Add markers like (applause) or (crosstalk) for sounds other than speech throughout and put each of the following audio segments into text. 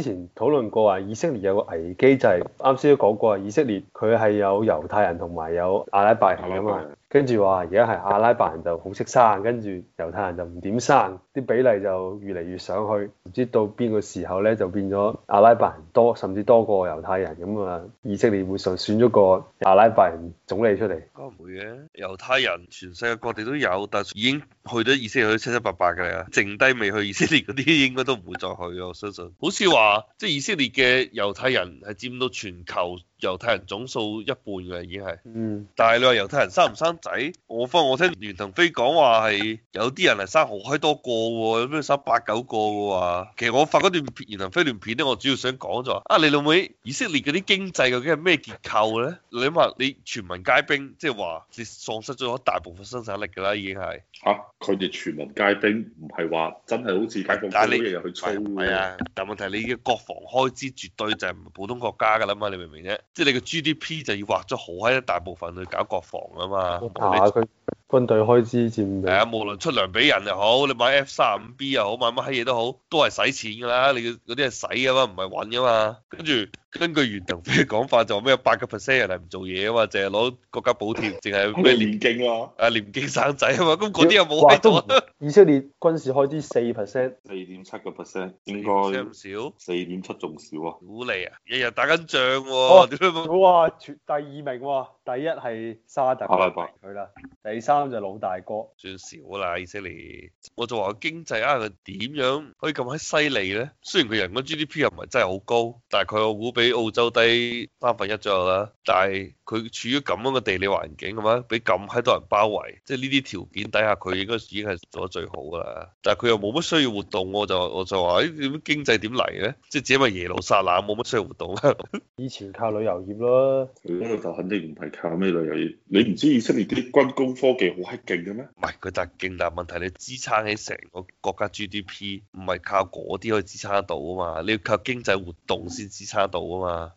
之前討論過話，以色列有個危機，就係啱先都講過，話以色列佢係有猶太人同埋有阿拉伯人㗎嘛。跟住話，而家係阿拉伯人就好識生，跟住猶太人就唔點生，啲比例就越嚟越上去。唔知到邊個時候咧，就變咗阿拉伯人多，甚至多過猶太人咁啊！以色列會選咗個阿拉伯人總理出嚟，應該唔會嘅。猶太人全世界各地都有，但已經去咗以色列，去七七八八嘅啦，剩低未去以色列嗰啲應該都唔會再去，我相信。好似話，即係以色列嘅猶太人係佔到全球猶太人總數一半嘅已經係，嗯、但係你話猶太人生唔生仔？我方我聽袁騰飛講話係有啲人係生好閪多個喎，有咩生八九個嘅。其實我發段袁騰飛段片咧，我主要想講就話啊，你老妹，以色列嗰啲經濟究竟係咩結構咧？你話你全民皆兵，即係話你喪失咗大部分生產力㗎啦，已經係嚇。佢哋、啊、全民皆兵唔係話真係好似解放軍咁樣去衝，啊。但問題你嘅國防開支絕對就係唔係普通國家㗎啦嘛，你明唔明啫？即係你嘅 GDP 就要劃咗好閪一大部分去搞國防啊嘛，你，打你軍隊開支佔係啊，無論出糧俾人又好，你買 F 三十五 B 又好，買乜閪嘢都好，都係使錢噶啦，你嗰啲係使㗎嘛，唔係揾㗎嘛，跟住。根據袁騰飛嘅講法就，就話咩八個 percent 人係唔做嘢啊嘛，淨係攞國家補貼，淨係咩廉精啊，啊 (laughs) 廉精生仔啊嘛，咁嗰啲又冇咩多。以色列軍事開支四 percent，四點七個 percent，應該少，四點七仲少啊。好利啊，日日打緊仗。哇，全第二名，第一係沙特，佢啦，第三就老大哥。算少啦，以色列。我就話經濟佢點樣可以咁喺犀利咧？雖然佢人均 GDP 又唔係真係好高，但係佢我比澳洲低三分一左右啦，但係佢處於咁樣嘅地理環境，係嘛？俾咁喺多人包圍，即係呢啲條件底下，佢應該已經係做得最好㗎啦。但係佢又冇乜需要活動，我就我就話，點、欸、經濟點嚟嘅？即係只係咪耶路撒冷冇乜需要活動？ (laughs) 以前靠旅遊業咯。佢嗰度就肯定唔係靠咩旅遊業。你唔知以色列啲軍工科技好閪勁嘅咩？唔係佢特勁，但係問題你支撐起成個國家 GDP，唔係靠嗰啲可以支撐得到啊嘛。你要靠經濟活動先支撐到。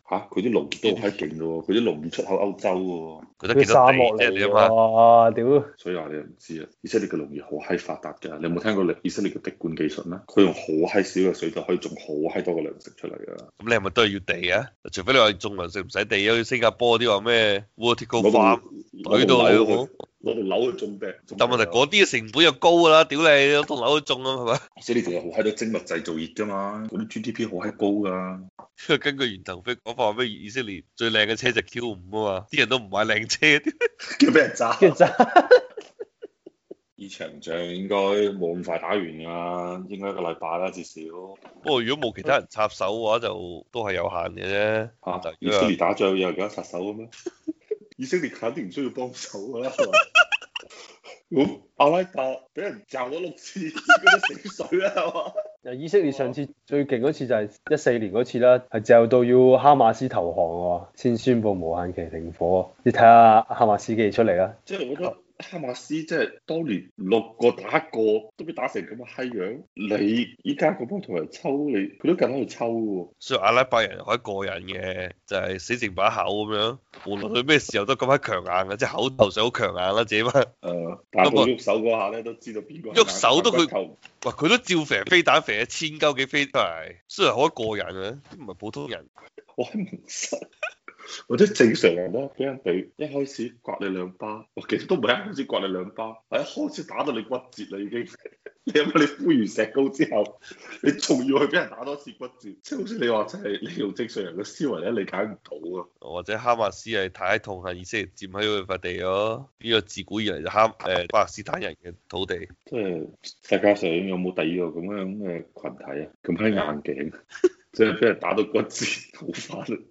吓！佢啲農業都好閪勁喎，佢啲農業出口歐洲喎，啊，佢得幾多地而已而已嘛？哇，啊！屌，啊！所以話你又唔知啊，以色列嘅農業好閪發達㗎，你有冇聽過以色列嘅滴灌技術咧？佢用好閪少嘅水就可以種好閪多嘅糧食出嚟㗎啦。咁你係咪都係要地啊？除非你話種糧食唔使地啊？好似新加坡啲話咩 vertical farm，懟說都你啊！攞棟樓去中咩？但問題嗰啲成本又高噶啦，屌你攞棟樓去中啊，係咪？而且你仲有好閪多精密製造業噶嘛，嗰啲 GDP 好閪高噶。因為根據袁騰飛講法，咩以色列最靚嘅車就 Q 五啊嘛，啲人都唔買靚車，叫咩人揸、啊？叫揸。呢場仗應該冇咁快打完噶，應該一個禮拜啦至少。不過如果冇其他人插手嘅話，就都係有限嘅啫。啊，以色列打仗又係幾多插手嘅咩？以色列肯定唔需要幫手噶啦，咁 (laughs) 阿拉伯俾人炸咗六次嗰啲死水啦，係嘛？又以色列上次最勁嗰次就係一四年嗰次啦，係炸到要哈馬斯投降喎，先宣布無限期停火。你睇下哈馬斯幾出嚟啊？ (laughs) (laughs) 哈馬斯即係當年六個打一個都俾打成咁嘅閪樣，樣你依家嗰幫同人抽你，佢都近喺度抽嘅。所以阿拉伯人可一過人嘅，就係、是、死成把口咁樣，無論佢咩時候都咁閪強硬嘅，即係口頭上好強硬啦自己。誒、呃，打過喐手嗰下咧，那個、都知道邊個喐手都佢，喂，佢都照肥，飛彈，肥一千鳩幾飛。雖然可一過人嘅，都唔係普通人，我唔信 (laughs) (laughs) 或者正常人咧，俾人俾一開始刮你兩巴，我其實都唔係一開始刮你兩巴，係一開始打到你骨折啦已經。 (laughs) 你咁你敷完石膏之後，你仲要去俾人打多次骨折？即係好似你話齋，你用正常人嘅思維咧理解唔到啊！或者哈馬斯係太同鄉意識而佔喺佢塊地咯。呢個自古以嚟就哈誒、呃、巴勒斯坦人嘅土地。即係世界上有冇第二個咁樣嘅群體啊？咁喺眼鏡。是的 (laughs) 即係俾人打到骨折，頭髮都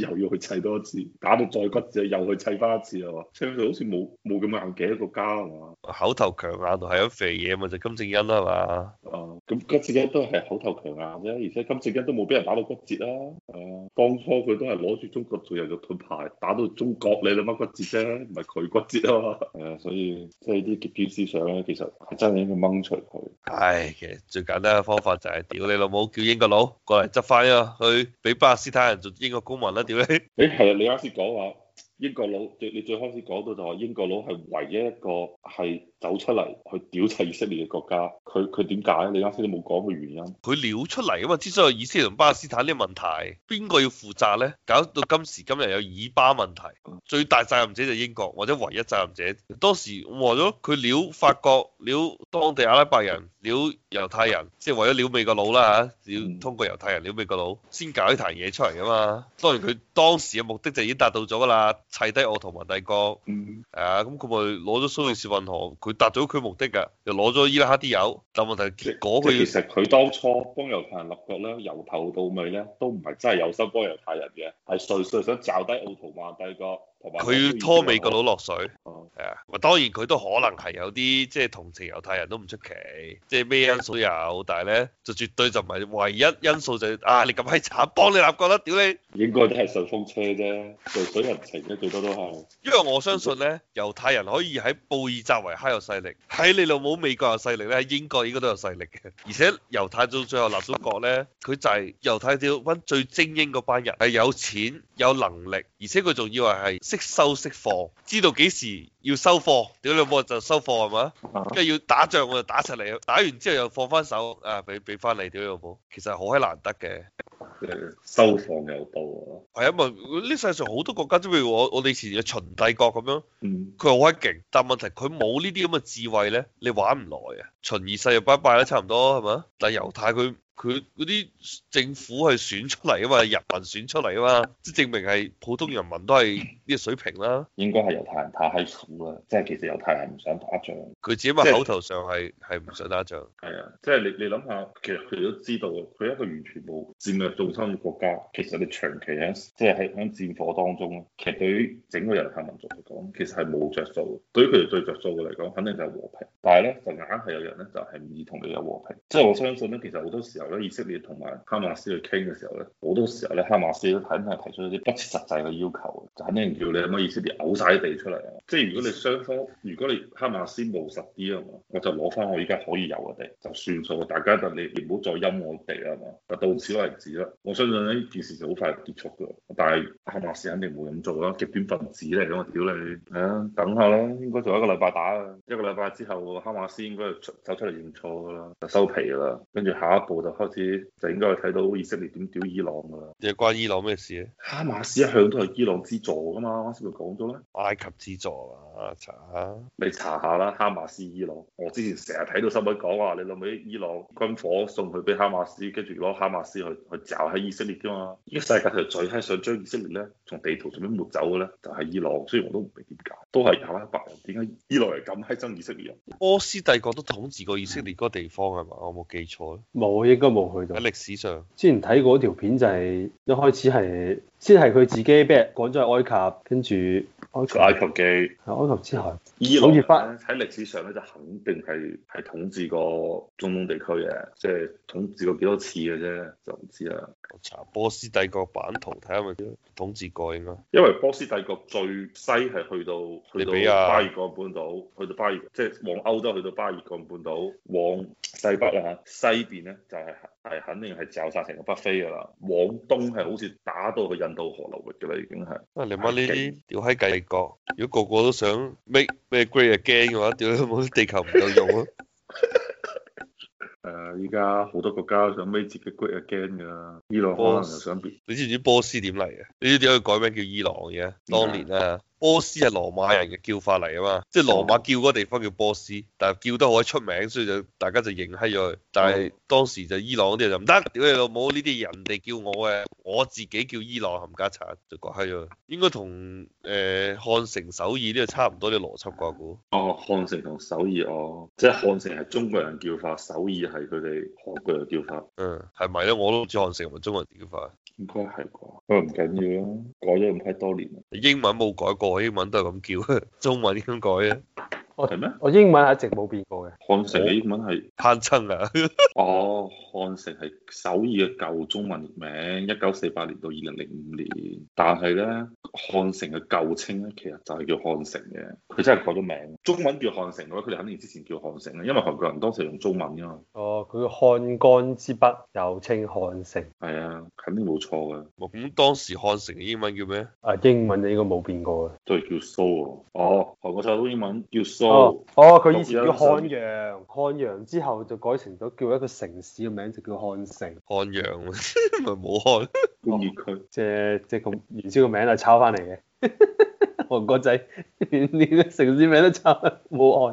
又要去砌多一次，打到再骨折又去砌翻一次啊嘛，所以佢好似冇冇咁硬頸一個家啊嘛，口頭強硬度係咁肥嘢咪就金正恩啦嘛。咁金正恩都係口頭強硬啫，而且金正恩都冇俾人打到骨折啦、啊。係啊，當初佢都係攞住中國做人肉盾牌，打到中國你兩蚊骨折啫，唔係佢骨折啊嘛。啊，所以即係啲極端思想咧，其實係真係應該掹除佢。係、哎，其實最簡單嘅方法就係、是、屌你老母，叫英國佬過嚟執翻啊，去俾巴基斯坦人做英國公民啦，屌你！誒、 (laughs) 哎，係啊，你啱先講話英國佬，你最你最開始講到就話英國佬係唯一一個係。走出嚟去屌砌以色列嘅國家，佢佢點解？你啱先都冇講個原因。佢撩出嚟啊嘛！之所以以色列同巴勒斯坦呢個問題，邊個要負責咧？搞到今時今日有以巴問題，最大責任者就英國，或者唯一責任者。當時為咗佢撩，法國撩當地阿拉伯人，撩猶，猶太人，即係為咗撩美國佬啦吓，屌、嗯、通過猶太人撩美國佬先搞呢壇嘢出嚟噶嘛。當然佢當時嘅目的就已經達到咗啦，砌低奧圖曼帝國。嗯。啊，咁佢咪攞咗蘇伊士運河？達到佢目的㗎，就攞咗伊拉克啲油，但問題係嗰個其實佢當初幫猶太人立國咧，由頭到尾咧都唔係真係有心幫猶太人嘅，係純粹想炸低奧圖曼帝國。佢拖美國佬落水，係啊，咪當然佢都可能係有啲即係同情猶太人都唔出奇，即係咩因素有，但係咧就絕對就唔係唯一因素就係、是、啊你咁閪慘，幫你立國啦，屌你！應該都係順風車啫，順水人情啫，最多都係。因為我相信咧，猶太人可以喺布爾澤維克有勢力，喺你老母美國有勢力咧，喺英國應該都有勢力嘅。而且猶太到最後立咗國咧，佢就係猶太條温最精英嗰班人，係有錢有能力，而且佢仲以為係。識收識放，知道幾時要收貨，屌你冇就收貨係嘛？跟住、啊、要打仗我就打晒你。打完之後又放翻手，啊俾俾翻你，屌你老母。其實好閪難得嘅，收放有度啊。係啊，咪呢世上好多國家，即譬如我我哋以前嘅秦帝國咁樣，佢好閪勁，但係問題佢冇呢啲咁嘅智慧咧，你玩唔嚟啊。秦二世又拜拜啦差唔多，係嘛？但係猶太佢佢嗰啲政府係選出嚟啊嘛，人民選出嚟啊嘛，即係證明係普通人民都係。啲水平啦，應該係猶太人太閪苦啦，即係其實猶太人唔想打仗，佢只不過口頭上係係唔想打仗，係啊，即係你你諗下，其實佢都知道，佢一個完全冇戰略重心嘅國家，其實你長期喺即係喺喺戰火當中，其實對於整個猶太民族嚟講，其實係冇着數。對於佢哋最着數嘅嚟講，肯定就係和平。但係咧，就硬係有人咧，就係唔意同你有和平。即係我相信咧，其實好多時候咧，以色列同埋哈馬斯去傾嘅時候咧，好多時候咧，哈馬斯都肯定提出一啲不切實際嘅要求，就肯定。叫你乜意思？你嘔晒地出嚟啊！即係如果你雙方，如果你哈馬斯務實啲啊嘛，我就攞翻我依家可以有嘅地就算數，大家就你唔好再陰我哋啊嘛。就到此為止啦。我相信呢件事就好快結束噶。但係哈馬斯肯定唔會咁做啦，極端分子嚟嘅我屌你係啊！等下啦，應該仲有一個禮拜打啦，一個禮拜之後哈馬斯應該係出走出嚟認錯噶啦，就收皮啦。跟住下一步就開始就應該睇到以色列點屌伊朗噶啦。又關伊朗咩事咧？哈馬斯一向都係伊朗資助噶嘛。哈馬斯咪講咗咧？埃及資助啊！查下，你查下啦。哈馬斯伊朗，我之前成日睇到新聞講話，你諗起伊朗軍火送去俾哈馬斯，跟住攞哈馬斯去去炸喺以色列噶嘛、啊？呢個世界就最係想將以色列咧，從地圖上面抹走嘅咧，就係、是、伊朗。雖然我都唔明點解，都係有啦。白人，點解伊朗嚟咁閪憎以色列人？波斯帝國都統治過以色列嗰個地方係嘛？嗯、我冇記錯冇應該冇去到喺歷史上。之前睇過條片就係、是、一開始係。先係佢自己畀人趕咗去埃及，跟住埃及嘅埃，埃及之後，伊朗喺歷史上咧就肯定係係統治過中東地區嘅，即、就、係、是、統治過幾多次嘅啫，就唔知啦。查波斯帝國版圖睇下咪咯，看看是是統治過應該。因為波斯帝國最西係去到去到巴爾幹半，半島，去到巴爾即係、就是、往歐洲去到巴爾幹半島，往西北啦西邊咧就係、是。係肯定係罩晒成個北非噶啦，往東係好似打到去印度河流域噶啦，已經係。啊，你媽呢啲屌喺計國，如果個個都想 make 咩 great again 嘅話，屌你老母，地球唔夠用咯。誒、 (laughs) 啊，依家好多國家都想 make 自己 great again 噶，伊朗可能又想變。你知唔知波斯點嚟嘅？你知點解佢改名叫伊朗嘅？當年啊。波斯係羅馬人嘅叫法嚟啊嘛，即係羅馬叫嗰地方叫波斯，但係叫得好鬼出名，所以就大家就認閪咗。但係當時就伊朗啲人就唔得，屌你老母呢啲人哋叫我嘅，我自己叫伊朗冚家鏟就割閪咗。應該同誒漢城首爾呢個差唔多啲邏輯啩？估哦，漢城同首爾哦，即係漢城係中國人叫法，首爾係佢哋韓、嗯、國人叫法。嗯，係咪咧？我都知漢城同中國人叫法，應該、哦、係啩。不過唔緊要啦，改咗咁閪多年，英文冇改過。我英文都係咁叫，中文咁改啊。咩？我英文一直冇變過嘅。漢城嘅英文係潘親啊。 (laughs) 哦，漢城係首爾嘅舊中文名，一九四八年到二零零五年。但係咧，漢城嘅舊稱咧，其實就係叫漢城嘅。佢真係改咗名。中文叫漢城嘅話，佢哋肯定之前叫漢城啊，因為韓國人當時用中文啊嘛。哦，佢個漢江之筆又稱漢城。係啊，肯定冇錯嘅。咁、嗯、當時漢城嘅英文叫咩？啊，英文應該冇變過嘅，都係叫 Seoul 哦，韓國首都英文叫 Seoul. Seoul. Seoul. Seoul. 哦，哦，佢以前叫漢陽，漢陽之後就改成咗叫一個城市嘅名，就叫漢城。漢陽咪武漢。工業區，哦、 (laughs) 即係即係咁原先個名係抄翻嚟嘅，韓 (laughs) 國仔連個城市名都抄，武漢。